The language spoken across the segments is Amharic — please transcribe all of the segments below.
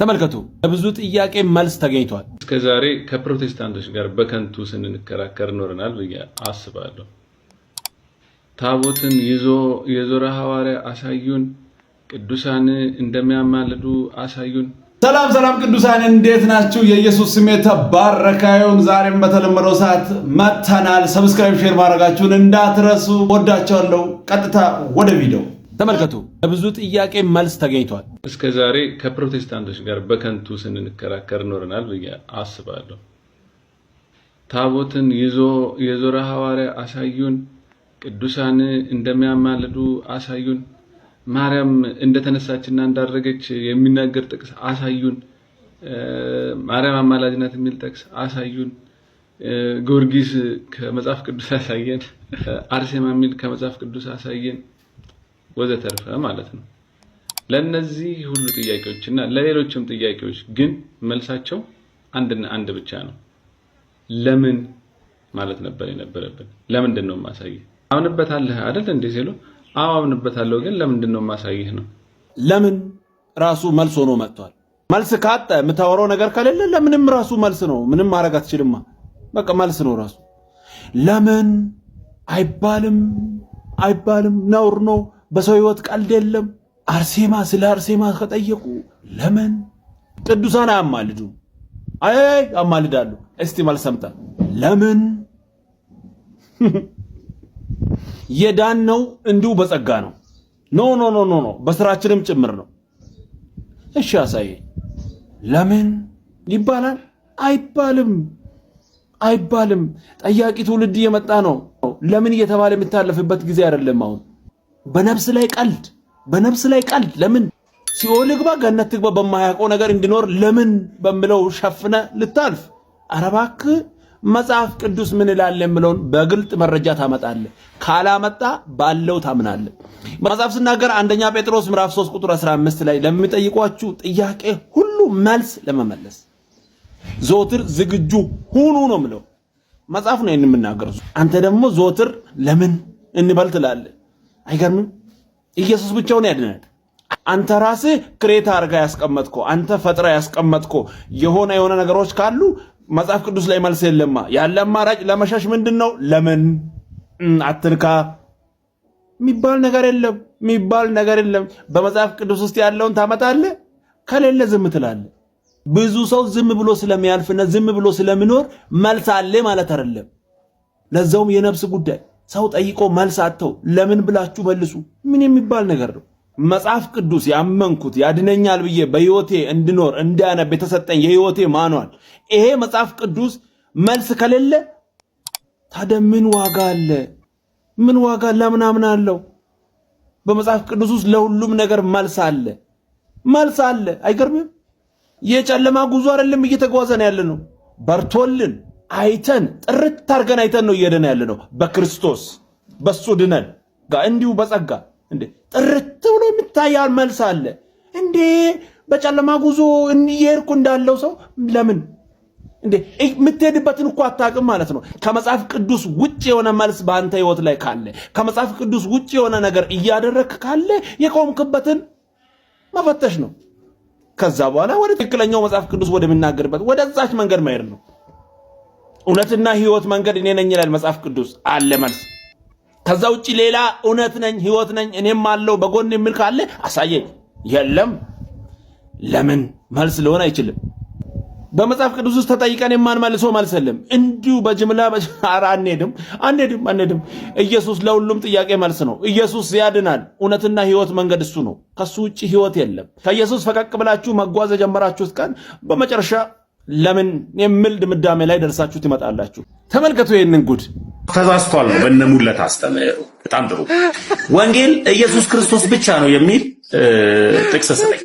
ተመልከቱ ለብዙ ጥያቄ መልስ ተገኝቷል። እስከ ዛሬ ከፕሮቴስታንቶች ጋር በከንቱ ስንንከራከር ኖረናል ብዬ አስባለሁ። ታቦትን ይዞ የዞረ ሐዋርያ አሳዩን፣ ቅዱሳን እንደሚያማልዱ አሳዩን። ሰላም ሰላም፣ ቅዱሳን እንዴት ናችሁ? የኢየሱስ ስም የተባረከ ይሁን። ዛሬም በተለመደው ሰዓት መጥተናል። ሰብስክራይብ፣ ሼር ማድረጋችሁን እንዳትረሱ። ወዳቸዋለሁ። ቀጥታ ወደ ቪዲዮ ተመልከቱ። ለብዙ ጥያቄ መልስ ተገኝቷል። እስከ ዛሬ ከፕሮቴስታንቶች ጋር በከንቱ ስንንከራከር ኖረናል ብዬ አስባለሁ። ታቦትን ይዞ የዞረ ሐዋርያ አሳዩን፣ ቅዱሳን እንደሚያማልዱ አሳዩን፣ ማርያም እንደተነሳችና እንዳደረገች የሚናገር ጥቅስ አሳዩን፣ ማርያም አማላጅ ናት የሚል ጥቅስ አሳዩን፣ ጊዮርጊስ ከመጽሐፍ ቅዱስ አሳየን፣ አርሴማ የሚል ከመጽሐፍ ቅዱስ አሳየን። ወዘተርፈ ማለት ነው። ለነዚህ ሁሉ ጥያቄዎች እና ለሌሎችም ጥያቄዎች ግን መልሳቸው አንድና አንድ ብቻ ነው። ለምን ማለት ነበር የነበረብን። ለምንድን ነው የማሳይህ? አምንበታለህ አይደል እንዴ ሲሉ አዎ አምንበታለሁ፣ ግን ለምንድን ነው የማሳይህ ነው። ለምን ራሱ መልስ ሆኖ መጥቷል። መልስ ካጠ የምታወራው ነገር ከሌለ ለምንም ራሱ መልስ ነው። ምንም ማድረግ አትችልማ። በቃ መልስ ነው ራሱ። ለምን አይባልም፣ አይባልም፣ ነውር ነው በሰው ህይወት ቀልድ የለም። አርሴማ ስለ አርሴማ ከጠየቁ ለምን ቅዱሳን አያማልዱ? አይ አማልዳሉ። እስቲ መልስ ለምን የዳን ነው እንዲሁ በጸጋ ነው? ኖ ኖ ኖ ኖ ኖ በስራችንም ጭምር ነው። እሺ አሳይ ለምን ይባላል? አይባልም፣ አይባልም። ጠያቂ ትውልድ እየመጣ ነው። ለምን እየተባለ የምታለፍበት ጊዜ አይደለም አሁን በነፍስ ላይ ቀልድ በነብስ ላይ ቀልድ ለምን ሲኦል ግባ ገነት ትግባ በማያውቀው ነገር እንዲኖር ለምን በምለው ሸፍነ ልታልፍ አረባክ መጽሐፍ ቅዱስ ምን ይላል የምለውን በግልጥ መረጃ ታመጣለ። ካላመጣ ባለው ታምናለ። መጽሐፍ ስናገር አንደኛ ጴጥሮስ ምዕራፍ 3 ቁጥር 15 ላይ ለሚጠይቋችሁ ጥያቄ ሁሉ መልስ ለመመለስ ዞትር ዝግጁ ሁኑ ነው ምለው መጽሐፍ ነው የምናገር። አንተ ደግሞ ዞትር ለምን እንበል ትላለ አይገርምም? ኢየሱስ ብቻውን ያድናል። አንተ ራስህ ክሬታ አድርጋ ያስቀመጥኮ አንተ ፈጥራ ያስቀመጥኮ የሆነ የሆነ ነገሮች ካሉ መጽሐፍ ቅዱስ ላይ መልስ የለማ። ያለ አማራጭ ለመሸሽ ምንድን ነው? ለምን አትልካ የሚባል ነገር የለም፣ የሚባል ነገር የለም። በመጽሐፍ ቅዱስ ውስጥ ያለውን ታመጣለ፣ ከሌለ ዝም ትላለ ብዙ ሰው ዝም ብሎ ስለሚያልፍና ዝም ብሎ ስለሚኖር መልስ አለ ማለት አይደለም። ለዛውም የነፍስ ጉዳይ ሰው ጠይቆ መልስ አጥተው ለምን ብላችሁ መልሱ። ምን የሚባል ነገር ነው? መጽሐፍ ቅዱስ ያመንኩት ያድነኛል ብዬ በሕይወቴ እንድኖር እንዳነብ የተሰጠኝ የሕይወቴ ማኗል። ይሄ መጽሐፍ ቅዱስ መልስ ከሌለ ታዲያ ምን ዋጋ አለ? ምን ዋጋ ለምናምን አለው? በመጽሐፍ ቅዱስ ውስጥ ለሁሉም ነገር መልስ አለ፣ መልስ አለ። አይገርምም? የጨለማ ጉዞ አይደለም እየተጓዘን ያለ ነው። በርቶልን አይተን ጥርት አድርገን አይተን ነው እየድን ያለ ነው። በክርስቶስ በሱ ድነን እንዲሁ በጸጋ እንዴ ጥርት ብሎ የምታያል መልስ አለ እንዴ በጨለማ ጉዞ እየሄድኩ እንዳለው ሰው ለምን እንዴ የምትሄድበትን እኮ አታውቅም ማለት ነው። ከመጽሐፍ ቅዱስ ውጭ የሆነ መልስ በአንተ ህይወት ላይ ካለ፣ ከመጽሐፍ ቅዱስ ውጭ የሆነ ነገር እያደረግክ ካለ የቆምክበትን መፈተሽ ነው። ከዛ በኋላ ወደ ትክክለኛው መጽሐፍ ቅዱስ ወደሚናገርበት ወደዛች መንገድ መሄድ ነው። እውነትና ህይወት መንገድ እኔ ነኝ ይላል መጽሐፍ ቅዱስ አለ መልስ። ከዛ ውጭ ሌላ እውነት ነኝ ህይወት ነኝ እኔም አለው በጎን የሚል ካለ አሳየኝ። የለም። ለምን መልስ ሊሆን አይችልም። በመጽሐፍ ቅዱስ ውስጥ ተጠይቀን የማንመልሰው መልስ የለም። እንዲሁ በጅምላ ኧረ አንሄድም አንሄድም አንሄድም። ኢየሱስ ለሁሉም ጥያቄ መልስ ነው። ኢየሱስ ያድናል። እውነትና ህይወት መንገድ እሱ ነው። ከሱ ውጭ ህይወት የለም። ከኢየሱስ ፈቀቅ ብላችሁ መጓዝ የጀመራችሁት ቀን በመጨረሻ ለምን የሚል ድምዳሜ ላይ ደርሳችሁ ትመጣላችሁ። ተመልከቱ ይህንን ጉድ። ተዛዝቷል ነው በነሙለት አስተምሩ። በጣም ጥሩ ወንጌል ኢየሱስ ክርስቶስ ብቻ ነው የሚል ጥቅስ ስለኝ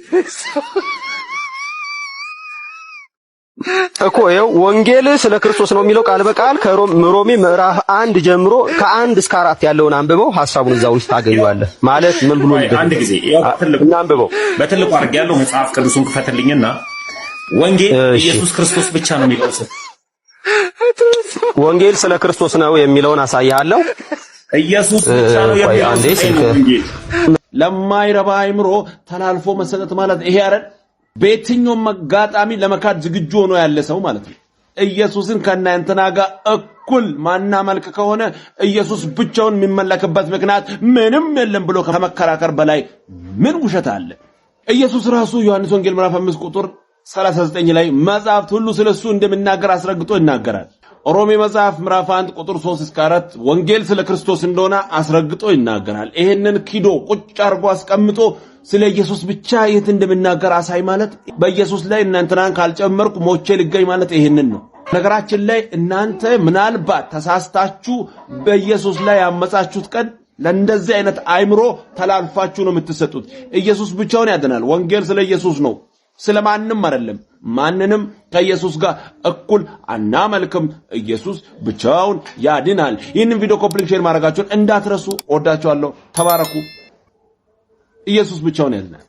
እኮ ይኸው ወንጌል ስለ ክርስቶስ ነው የሚለው ቃል በቃል ከሮሚ ምዕራፍ አንድ ጀምሮ ከአንድ እስከ አራት ያለውን አንብበው ሀሳቡን እዛ ውስጥ ታገኘዋለህ። ማለት ምን ብሎ አንድ ጊዜ ያው በትልቁ አድርጌያለሁ። መጽሐፍ ቅዱሱን ክፈትልኝና ወንጌል ኢየሱስ ክርስቶስ ብቻ ነው የሚለውስ ወንጌል ስለ ክርስቶስ ነው የሚለውን አሳያለሁ። ኢየሱስ ብቻ ነው የሚለው ለማይረባ አይምሮ ተላልፎ መሰጠት ማለት ይሄ አይደል? በየትኛውም አጋጣሚ ለመካድ ዝግጁ ሆኖ ያለ ሰው ማለት ነው። ኢየሱስን ከእናንተና ጋር እኩል ማናመልክ ከሆነ ኢየሱስ ብቻውን የሚመለክበት ምክንያት ምንም የለም ብሎ ከመከራከር በላይ ምን ውሸት አለ? ኢየሱስ ራሱ ዮሐንስ ወንጌል ምዕራፍ 5 ቁጥር 39 ላይ መጽሐፍት ሁሉ ስለሱ እንደሚናገር አስረግጦ ይናገራል። ሮሜ መጽሐፍ ምዕራፍ 1 ቁጥር 3 እስከ 4 ወንጌል ስለ ክርስቶስ እንደሆነ አስረግጦ ይናገራል። ይሄንን ኪዶ ቁጭ አርጎ አስቀምጦ ስለ ኢየሱስ ብቻ የት እንደሚናገር አሳይ ማለት በኢየሱስ ላይ እናንተናን ካልጨመርኩ ሞቼ ልገኝ ማለት ይሄንን ነው። ነገራችን ላይ እናንተ ምናልባት ተሳስታችሁ በኢየሱስ ላይ ያመጻችሁት ቀን ለእንደዚህ አይነት አይምሮ ተላልፋችሁ ነው የምትሰጡት። ኢየሱስ ብቻውን ያድናል። ወንጌል ስለ ኢየሱስ ነው። ማንም አይደለም። ማንንም ከኢየሱስ ጋር እኩል አናመልክም። ኢየሱስ ብቻውን ያድናል። ይህንን ቪዲዮ ኮፕሊንግ ሼር ማድረጋችሁን እንዳትረሱ። ወዳችኋለሁ። ተባረኩ። ኢየሱስ ብቻውን ያድናል።